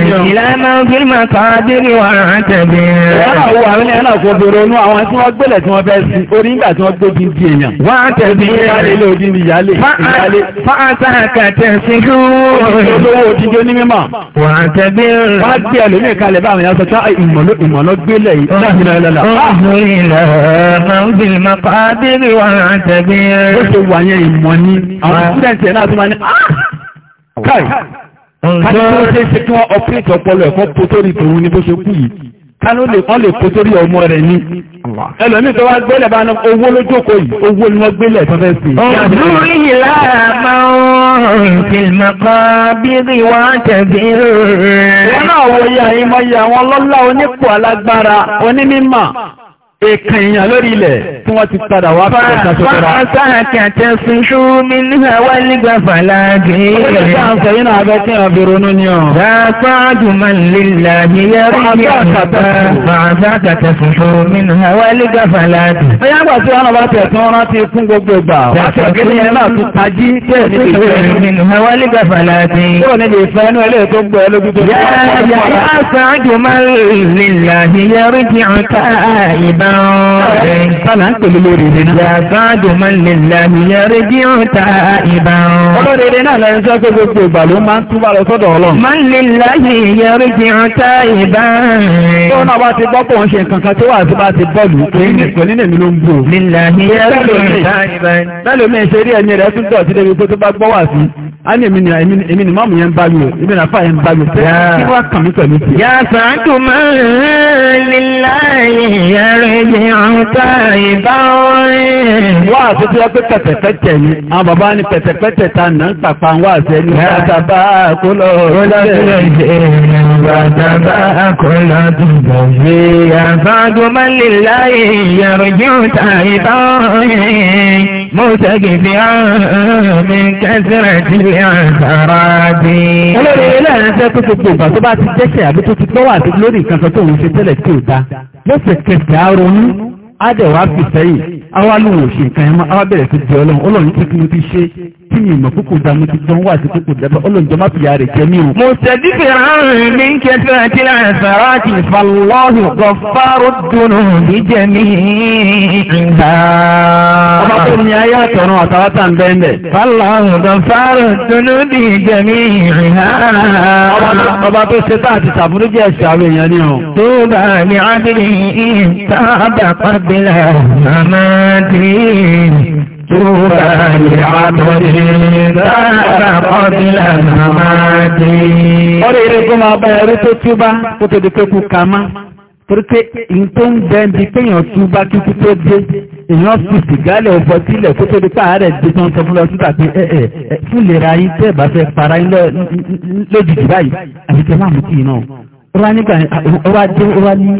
Speaker 1: ìlànà gírímà káàdìrí wà rántẹ̀bí. Ẹ̀rọ àwọn àwọn ẹ̀nà kò bèrè onú àwọn tí wọ́n gbélẹ̀ tí wọ́n fẹ́ sí orí nígbà tí wọ́n gbé bí di èèyàn. Wà á tẹ̀bí ìyálé lé odi ní ìyálé. Fáàtà kàtẹ̀ sí kú. Olówó òdìdí ó ní káni tó ṣe ṣe kí wọ́n ọpírẹ́tì ọpọlọ ẹ̀kọ́ pótórí tòun ni bó ṣe kú yìí kánú lè kán lè pótórí ọmọ rẹ̀ ni ẹlòmíì tó wá gbélẹ̀ bá owó lójókòó yìí owó ni wọ́n gbélẹ̀ tó fẹ́ sí. ọ̀dúnrún yìí lára máa ń fìlmọ̀kọ́ bírí wá tẹ̀bí rẹ̀. wọ́n náà wòye àyímọ̀ye àwọn lọ́lá onípò alágbára onímímọ̀ Èkàn èèyàn lórí ilẹ̀ tí wọ́n ti padà wá fún ìtàṣọ́tọ́ra. Wọ́n sáà kí àtẹ́ sí ṣúmi nígbà wá nígbà fàlàdé. Olóòtú àǹsọ̀ yìí náà bẹ́ tí wọ́n bí ronú ní ọ̀rùn. Bàbá àjùmọ̀ lílà ní yẹ́rù yẹ̀rù bá. Bàbá àkàtẹ́ sí ṣúmi nígbà wá nígbà fàlàdé. Ẹyá gbà tí wọ́n bá tẹ̀ tún rántí fún gbogbo ìgbà. Bàbá àkàtẹ́ sí ṣúmi nígbà wá nígbà fàlàdé. Sálà ń pèlú lórí rẹ̀ náà. Yàtọ̀ àdùnmọ́ lè làmì bí ó ta ìbá. Olóríire náà lẹ́yìn sọ pé gbogbo ìgbà máa túbà lọ sọ́dọ̀ ọlọ́run. Má lè bí ó ta ìbá. Tó náà bá ti bọ́ pọ̀ ń ṣe nǹkan kan tó wà tó bá ti bọ́ọ̀lù a ní èmi ni èmi ni máàmù yẹn ń bá mi o èmi ni àfa yẹn ń bá mi o kí wọ́n kàn mí pẹ̀lú tiẹ̀. yàtọ̀ àtúmọ̀ líláyé yẹrẹ yẹ àwọn tá ìbá wọ́n. wá àtúntò wọn pé pẹ̀tẹ̀pẹ̀tẹ̀ ni àwọn bàbá ní pẹ̀tẹ̀pẹ̀tẹ̀ ta nà ń pàpà wá àti ẹni bàtàbà kólọ̀ bàtàbà kólọ̀ dùbọ̀ yé yàtọ̀ àtúmọ̀ líláyé yẹrẹ yẹ àwọn tá ìbá wọ́n. mo sẹ́gi fi hàn mí kẹ́sìrẹ̀ àǹkàràdì. olórí eléyìí ṣe pé gbogbo ìgbà tó bá ti jẹ́sẹ̀ àbí tó ti tọ́wọ́ àti lórí nǹkan tó ń ṣe tẹ́lẹ̀ tí ò dá lọ́sẹ̀kẹsẹ̀ á ronú á dẹ̀ wá fi sẹ́yìn á wá lóun òṣì nǹkan ẹ̀ máa á bẹ̀rẹ̀ sí di ọlọ́run ọlọ́run tí kí mo ti ṣe tí ìmọ̀ kókò dàmú ti tán wà sí kókò dàbẹ́ ọlọ́njọ́ má fìyà rẹ̀ jẹ́ mí o. mùsẹ̀dí fìràn ní kẹfẹ́ àti àṣàrà ti fàlọ́hù gọ̀fàrò dùnú ní jẹ́mi ìgbà. ọba tó ní ayé àtọ̀run àtàwátà ń bẹ́ẹ̀ bẹ́ẹ̀. fàlọ́hù gọ̀fàrò dùnú ní jẹ́mi ìgbà. ọba tó ṣe tá àti sàbúrújẹ́ ẹ̀ṣẹ̀ àwọn èèyàn ni o. tó bá ní adìrí ìtàbà pàbílà màmá dì طوبى لعبد ذاب قبل الممات ọ̀rẹ́ eré kó máa bá ẹrú tó túbá kó tó di pé kú ká má torí pé n tó ń bẹ́ẹ̀bi kéèyàn túbá kíkú tó dé èèyàn fi sìgálẹ̀ ọ̀fọ̀ sílẹ̀ kó tó di pé àárẹ̀ dé tán sọ fún lọ síta pé ẹ ẹ fún lè ra yín tẹ́ fẹ́ para yín lójijì báyìí àbíkẹ́ máa mú kí iná wá nígbà wá jẹ́ wá ní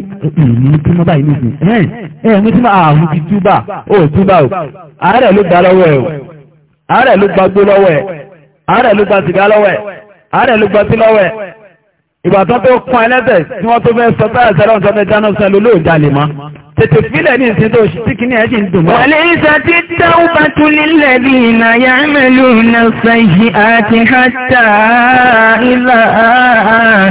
Speaker 1: ìlú tí mọ́ báyìí nìsín ẹ̀ ẹ̀ ah, mú tí máa àrùn ti túbà ó túbà ó àárẹ̀ ló gbà lọ́wọ́ ẹ̀ ó ló gba gbó lọ́wọ́ ẹ̀ àárẹ̀ ló gba sìgá lọ́wọ́ ẹ̀ àárẹ̀ ló gba sí lọ́wọ́ ẹ̀ ìgbà tó kún ẹlẹ́tẹ̀ tí wọ́n tó fẹ́ sọ وليست التوبة للذين يعملون السيئات حتى إذا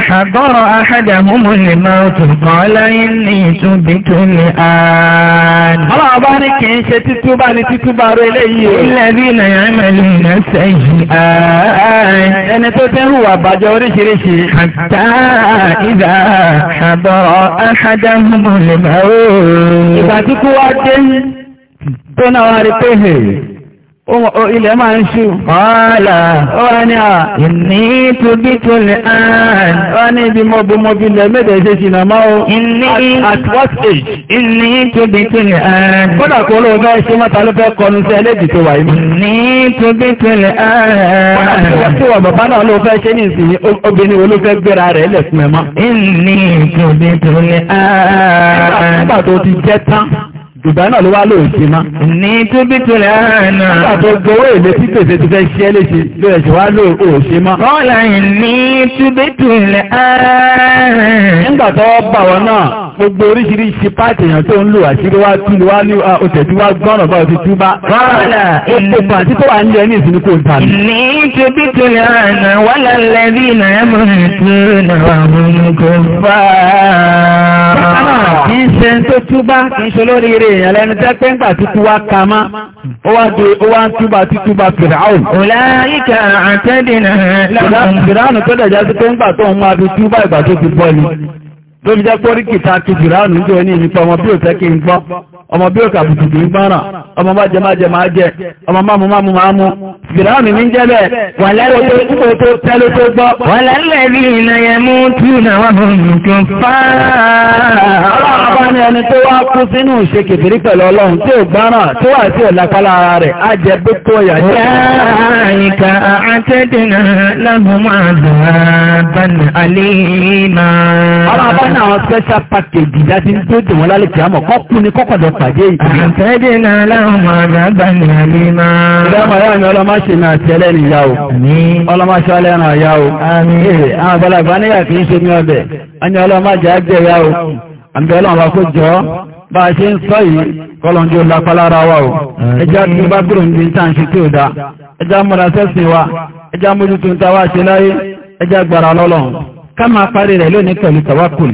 Speaker 1: حضر أحدهم الموت قال إني تبت الآن الله بارك إن شتتوبة لتتوبة إليه الذين يعملون السيئات أنا تتهوى بجور شرشي حتى إذا حضر أحدهم الموت शादी को आते आज तो नारते हैं ilẹ̀ máa ń ṣú. Ọ̀lá. Ó à. Ìní tóbi tó lè án. Ó ibi mọ́bí mọ́bí lẹ mẹ́tẹ̀ ṣe ṣìnà máa ó. At what age? Ìní tóbi tó lè án. Kódà kó ló fẹ́ ṣe mọ́ta ló fẹ́ kọnu sí ẹlẹ́dì tó wà yìí. Dubai náà ló wá lóò ṣe má. Ní tóbi tó lára náà. Nígbà tó gbowó èlé tí pèsè ti fẹ́ ṣe léṣe ló ẹ̀ṣẹ̀ wá lóò ṣe má. Bọ́ọ̀lù ní tóbi tó lára. Nígbà tó bà náà gbogbo oríṣiríṣi páàtì èèyàn tó ń lò àṣírí wá tú wá ní òtẹ̀tí wá gbọ́nà bá òtí tú bá. rárá ètò pàtí tó wà nílẹ̀ ní ìsinmi kò tà mí. ní ti bí tó lè rànà wà lálẹ́ bí nà ẹ́ mọ̀ ètò ìnáwó àwọn ọmọ bá. kì í ṣe tó túbá kì í ṣe lóríire èèyàn lẹ́nu tẹ́ pé ńgbà títú wá ka má ó wá de ó wá ń túbà títúbà fìràún ló fi jẹ́ pé oríkì ta ti jùlọ àrùn jọ ní ìnípa ọmọ bí ò tẹ́ kí n gbọ́ ọmọ bí òkà bùtùtù ń gbọ́nà ọmọ bá jẹ máa jẹ máa jẹ ọmọ máa mú máa mú máa mú fìdáàmì ní jẹ́ bẹ́ẹ̀ wà lẹ́lẹ́ tó tẹ́lẹ́ tó gbọ́ wà lẹ́lẹ́ bí iná yẹ mú tú náà wà fún nǹkan fáà ọlọ́run bá ní ẹni tó tí ò gbọ́nà tó wà special package láti ń tó dùn wọn lálẹ́ kìámọ̀ kọ́kùn pàdé ìtìlẹ̀. Àtẹ́dé náà láwọn àgbàgbà ní àlímá. Ìdámọ̀ yá ni ọlọ́máṣe náà ti ẹlẹ́ni yá o. Ọlọ́máṣe ọlẹ́ran yá o. Àwọn àgbàlagbà níyà kìí ṣe ní ọbẹ̀. A ní ọlọ́máṣe àgbẹ̀ yá o. Àmì ọlọ́run wa kó jọ bá a ṣe ń sọ yìí kọlọ̀njú lápalára wa o. Ẹjá tí bá gbúrò ní ta ń ṣe kí ò dá. Ẹjá múra sẹ́sìn wa. Ẹjá mójútó ta wá ṣe láyé. Ẹjá gbàrà lọ́lọ́run. Ká máa parí rẹ̀ lónìí pẹ̀lú tàwákùn.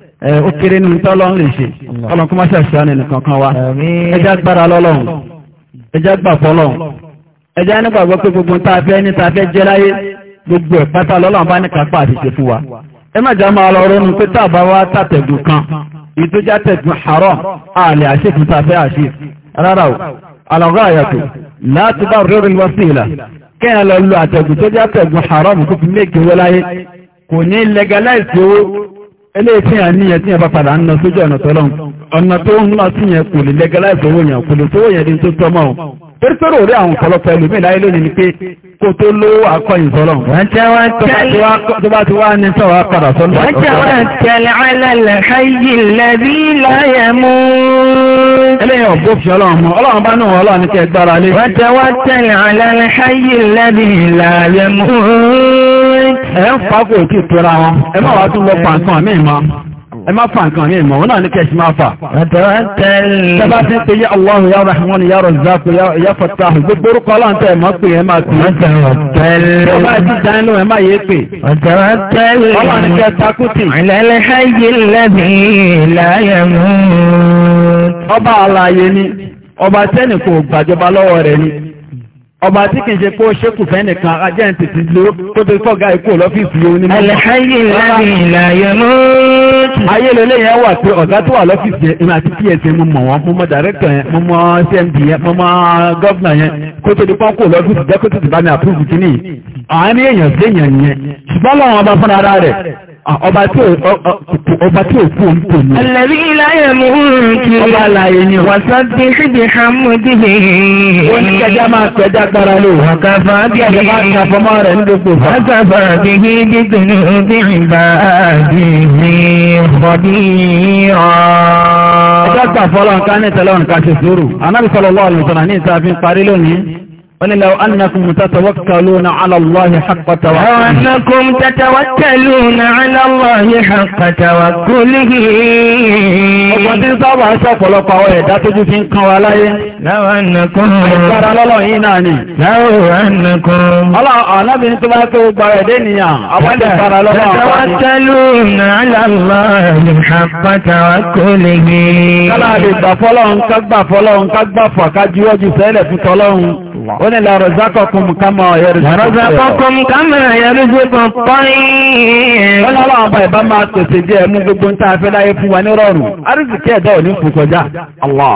Speaker 1: ó kéré ní tọ́lọ́n lè ṣe ọlọ́n kó má ṣàṣà nínú kankan wa ẹjá gbára lọ́lọ́run ẹjá gbà fọ́lọ́run ẹjá nígbàgbọ́ pé gbogbo tá fẹ́ ní tá fẹ́ jẹ́ láyé gbogbo ẹ̀ pátá lọ́lọ́run bá ní kápá àti ṣe fún wa ẹ má já máa lọ ronú pé tá bá wá tàtẹ̀gùn kan ìtójá tẹ̀gùn haram àlè àṣekùn tá fẹ́ àṣe rárá o alọ́gọ́ àyàtò láti bá rẹ́rìn wá sí eléyìí tí a níyẹn tí a bá padà ń lọ sójú ọ̀nà tọ́lọ́n ọ̀nà tó ń lọ sí yẹn kò lè legalize owó yẹn kò lè tó yẹn di tó tọ́mọ̀ o pẹ́rẹ́pẹ́rẹ́ òrí àwọn ọ̀pọ̀lọpọ̀ ẹlòmíì láyé lónìí ni pé kó tó lówó akọyìn sọ́lọ́n. wọ́n jẹ́ fi ọlọ́run ọlọ́run bá níwọ̀n ọlọ́run kẹ́ gbára lé. wọ́n jẹ́ tẹ́lẹ̀ alẹ́lẹ̀ ṣáyé lẹ́bí láyé ẹ̀ ń fa kò tí tóra wọn ẹ má wá tún lọ pa nǹkan mí mọ́ ẹ má fa nǹkan mí mọ́ wọn náà ní kẹ́sì máa fà. tẹ́bá ti ń pe yá Allahu yá Rahman yá Razzaq yá Fattah gbogbo orúkọ aláǹtẹ̀ ẹ̀ máa pè ẹ máa pè. ọba àlàyé ni ọba tẹ́nì gbàjọba lọ́wọ́ rẹ̀ ni ọba tí kìí ṣe pé ó ṣékù fẹ́ nìkan ajẹ́ǹtì ti ló tó tó fọ́gá ikú lọ́fíìsì yóò nínú alhaji láti ìlàyẹ̀ mọ́ọ̀tì ayé lélẹ̀ yẹn wà pé ọ̀gá tó wà lọ́fíìsì yẹn ìmọ̀ àti ps mú mọ̀ wọn mú mọ́ dàrẹ́kítọ̀ yẹn Ah, ọba tí ò kú ń tò ní. Ẹlẹ́rí láyé mú kí ọba láyé ni wàsá síbi hàmúdí bí. Wọ́n máa kẹjá gbára lò. Àkàfà bí i bá kàfọ́ mọ́ rẹ̀ ní gbogbo fà. Àkàfà bí i bí gbìnú bí ìgbà ọ̀. Ẹjọ́ gbà ní ìtẹ́lọ́rùn ká ṣe sùúrù. Ànábì sallallahu ní ìta ولو أنكم تتوكلون على الله حق توكله لو أنكم تتوكلون على الله حق توكله وقد صبع سفل قوية تجسين قوالي لو أنكم أكبر الله إناني لو أنكم الله أنا بنت بك بردنيا تتوكلون على الله حق توكله كلا بفلون كبفلون كبفا كجوج سيلة فلون ní la razaqakum kama yarzuqu. razaqakum kama yarzuqu pọ́ìn. wọ́n lọ́wọ́ àwọn ìbá máa pèsè díẹ̀ mú gbogbo ń tàfẹ́ láyé fún wa ní rọrùn. arìsìkí ẹ̀dá ò ní fún kọjá. Allah.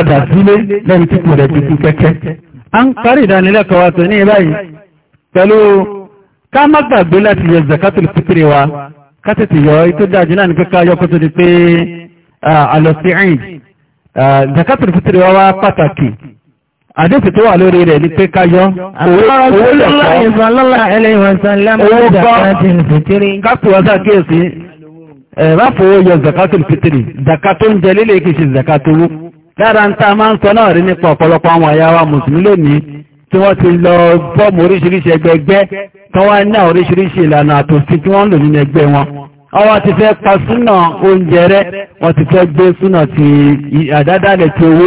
Speaker 1: padà sílé lẹ́yìn tí kò rẹ̀ ti fi kẹ́kẹ́. a ń parí ìdánilẹ́kọ̀ọ́ wa tó ní báyìí pẹ̀lú ká má gbàgbé láti yọ zakatul fitri wa ká tètè yọ ètò dájú náà ní kíkà yọ kó tó di pé àlọ́síìn zakatul fitri wa wá pàtàkì àdéhùn tó wà lórí rẹ̀ ní pé ká yọ owó lẹ́kọ̀ọ́ owó gbọ́ kápẹ́wọ́sà kíyèsí ẹ̀ráfowó yọ zakatul fitri zakatul jẹ́ lílé kìí ṣe zakatul lára ń ta máa ń sọ náà rí nípa ọ̀pọ̀lọpọ̀ àwọn àyà wa mùsùlùmí lónìí tí wọ́n ti lọ bọ́ọ̀mù oríṣiríṣi ẹgbẹgbẹ́ tó wá ní oríṣiríṣi ìlànà àtòsí tí wọ́n lò nínú ẹgbẹ́ wọn ọwọ́ ti fẹ́ pa súnà oúnjẹ rẹ wọ́n ti fẹ́ gbé súnà ti àdádálẹ̀ ti owó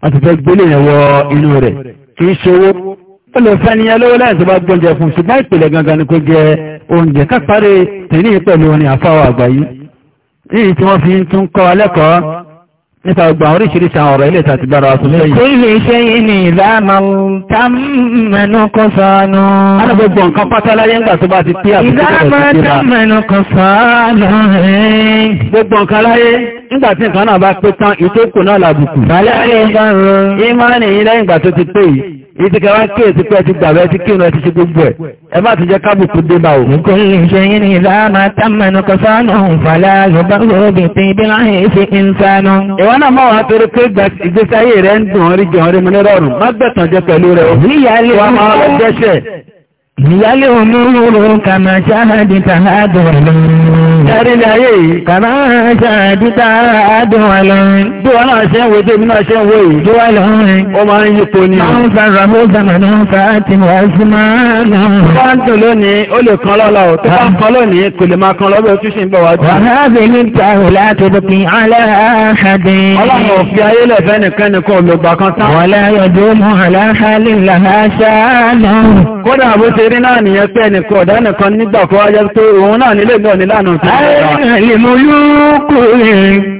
Speaker 1: wọ́n ti fẹ́ gbélé yẹn wọ inú rẹ̀ kì í ṣe owó ó lè fẹ́ niyẹn lówó láì bá gbóúnjẹ fún ṣùgbọ́n ìpìlẹ̀ gangan ni kò jẹ oúnjẹ kápárẹ̀ tẹ̀lé pẹ̀lú orin àfáwọ̀ àgbáyé ní ìtí wọ́n fi ń tún kọ́ alẹ́kọ̀ọ́ nípa ọgbà oríṣiríṣi àwọn ọ̀rọ̀ ilé ìtàtí bára ọ̀tún lẹ́yìn. kí lè ṣe ní ìdámà tàmẹ̀nù kan sọ́nù. alábọ̀gbọ̀ nígbà tí nǹkan náà bá pé tán ìtókù náà làbùkù. ìmánì yìí lẹ́yìn ìgbà tó ti pé yìí ìdíkẹ́ wá kí èsì pẹ́ ti gbàbẹ́ ti kí ìrìn ti ṣe gbogbo ẹ̀ ẹ má ti jẹ́ kábùkù dé bá òun. kò lè ṣe yín ní ìlànà támẹ́nu kọsánù fàlà yorùbá òbí tí bí láyé ṣe ń ìyá ilé wọn máa lọ Ìyálé olóró kàmà ṣáàdìta àádọ́rùn-ún. Ẹ̀rin ayé kàmà ṣáàdìta àádọ́rùn-ún. Bí wọ́n náà ṣe ń wo tèmi náà ṣe ń wo yìí. Bí wọ́n lọ rìn. Ó máa ń yípo ni. Máa ń fa Ramó Zamanu Fati Wazima náà. Bá ń dùn lónìí, ó lè kan lọ́la ò. ń kan lónìí, kò lè kan lọ́bẹ̀ ṣe rí náà nìyẹn pé ẹnìkan ọ̀dá nìkan nígbà kọ́ wájá òun náà nílé náà nílànà sí ìjọba.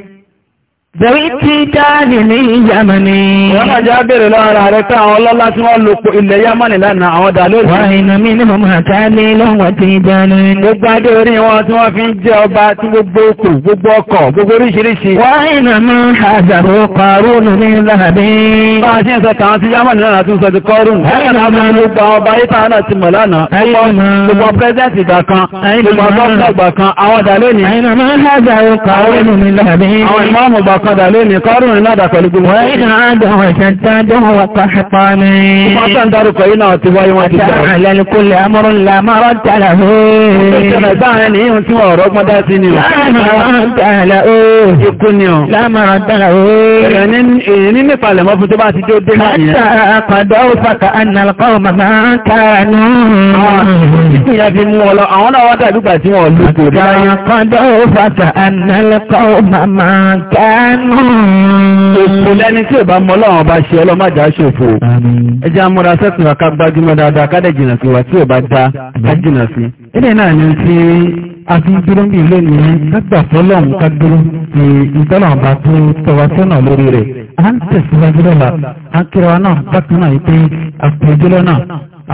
Speaker 1: Bẹ̀rí tí káàdì ní Yamani. Wọ́n àjá bèèrè lọ́ra rẹ̀ pé àwọn ọlọ́lá tí wọ́n lò pò ilẹ̀ Yamani lánàá àwọn dà lórí. Wà iná mi ní mọ̀mọ̀ àtàlé lọ́wọ́ ti dánú. Gbogbo adé orí wọn tí wọ́n fi ń jẹ ọba tí gbogbo okò, gbogbo ọkọ̀, gbogbo oríṣiríṣi. Wà iná mọ́ àjàrò kọrùnù ní láàbí. Bá a ṣe ń sọ kàn sí Yamani lánàá tún sọ ti kọrùnù. Àwọn ìmọ̀ ọmọ ọba padà lé ní kọ́rùn-ún ládà pẹ̀lú gbogbo ẹ̀. Wọ́n náà dánwò ìṣẹ́dájọ́ wọ pàṣẹpọ̀ ní. Wọ́n tán dárúkọ yìí náà ti wáyé wọ́n ti jẹ́. Àlẹ́lẹ́kùnlẹ̀ amọ́rún làmọ́rọ̀ tààlà ó. Ìṣẹ̀lẹ̀ báyẹn ni ìhùn tí wọ́n ọ̀rọ̀ gbọ́dá Òkú lẹ́ni tí ò bá mọ́ lọ́wọ́ bá ṣe ọlọ́màjá ṣòfò. Ẹjá múra sẹ́kùn ọ̀ká gbájúmọ́ dáadáa kádẹ̀ jìnà sí wà tí ò bá dá jìnà sí. Ilé náà ni tí a dúró ní ilé nìyẹn lágbà fọ́lọ́hùn ká ti ìtọ́lọ̀ bá tó tọwa sọ́nà lórí rẹ̀. À ń tẹ̀síwájú lọ́la, à náà bákan náà yìí pé àpèjọ́ náà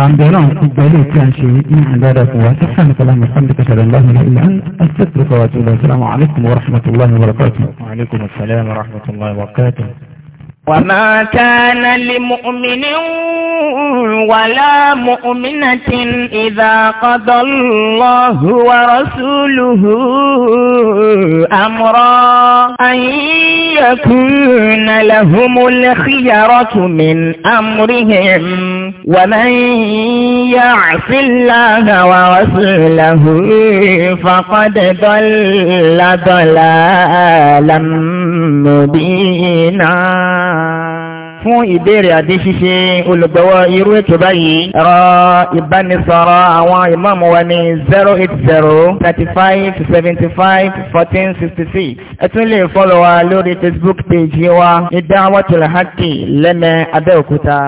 Speaker 1: عندنا في الدليل كان شيء من عبادة وسبحانك اللهم وبحمدك اشهد ان لا اله الا انت استغفرك واتوب السلام عليكم ورحمه الله وبركاته وعليكم السلام ورحمه الله وبركاته وما كان لمؤمن ولا مؤمنة إذا قضى الله ورسوله أمرا أن يكون لهم الخيرة من أمرهم ومن يعص الله ورسله فقد ضل ضلالا مبينا fún ìbéèrè àti ṣíṣe olùgbọ́wọ́ irú ètò báyìí ẹ̀rọ ìbánisọ̀rọ̀ àwọn ìmáàmù wa ní 08035751466 ẹ tún lè fọ́lọ̀ wa lórí Facebook page wa ìdáwọ́tòlá lẹ́mẹ̀ Abẹ́òkúta